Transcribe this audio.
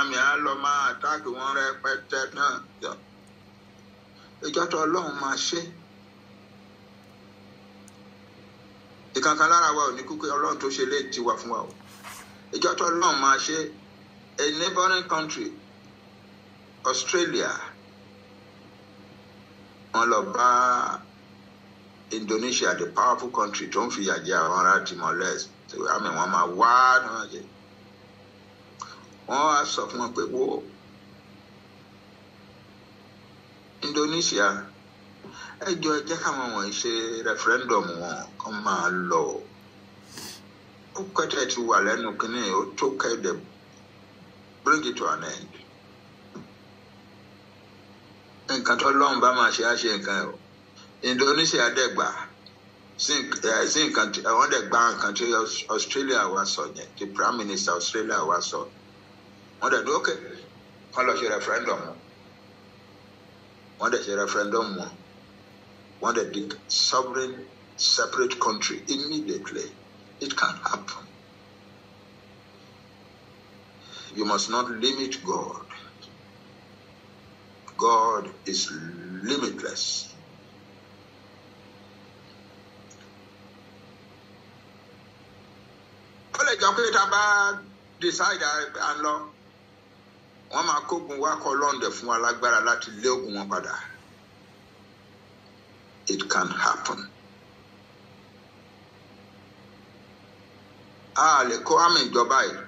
àmì á lọ máa àtàkì wọn rẹpẹtẹ náà jọ ìjọ tó ọlọ́run máa ṣe ìkankan lára wa ò ní kúkú ọlọ́run tó ṣe lè ti wà fún wa o ìjọ tó ọlọ́run máa ṣe a neighboring country Australia wọn lọ bá Indonesia the powerful country tó ń fìyà jẹ àwọn ará Timor-Leste àmì wọn máa wá náà jẹ wọ́n á sọ fún wọn pé wo Indonesia ẹ jọ ẹ jẹ́ káwọn wọ̀nyí ṣe referendum wọn kó máa lọ ó kẹ́tẹ́ ti wà lẹ́nu kínní ó tó kẹ́dẹ̀ bring it to an end nǹkan tó lọ́run bá máa ṣe á ṣe nǹkan ẹ̀ Indonesia dẹ̀gbà sí nǹkan wọ́n dẹ̀ gba nǹkan tí Australia wá sọ yẹn tí Prime Minister Australia wá sọ yẹn wọ́n dẹ̀ ní ókè wọ́n lọ ṣe referendum wọ́n dẹ̀ ṣe referendum wọn wọ́n dẹ̀ di sovereign separate country immediately it can happen you must not limit God God is limitless. ó lè jọ pé tá a bá decide and ń lọ wọ́n máa kógun wá kọ́ lọ́ndẹ̀ fún wa láti lé ogun wọn padà it can happen. a lè kó àmì ìjọba yìí.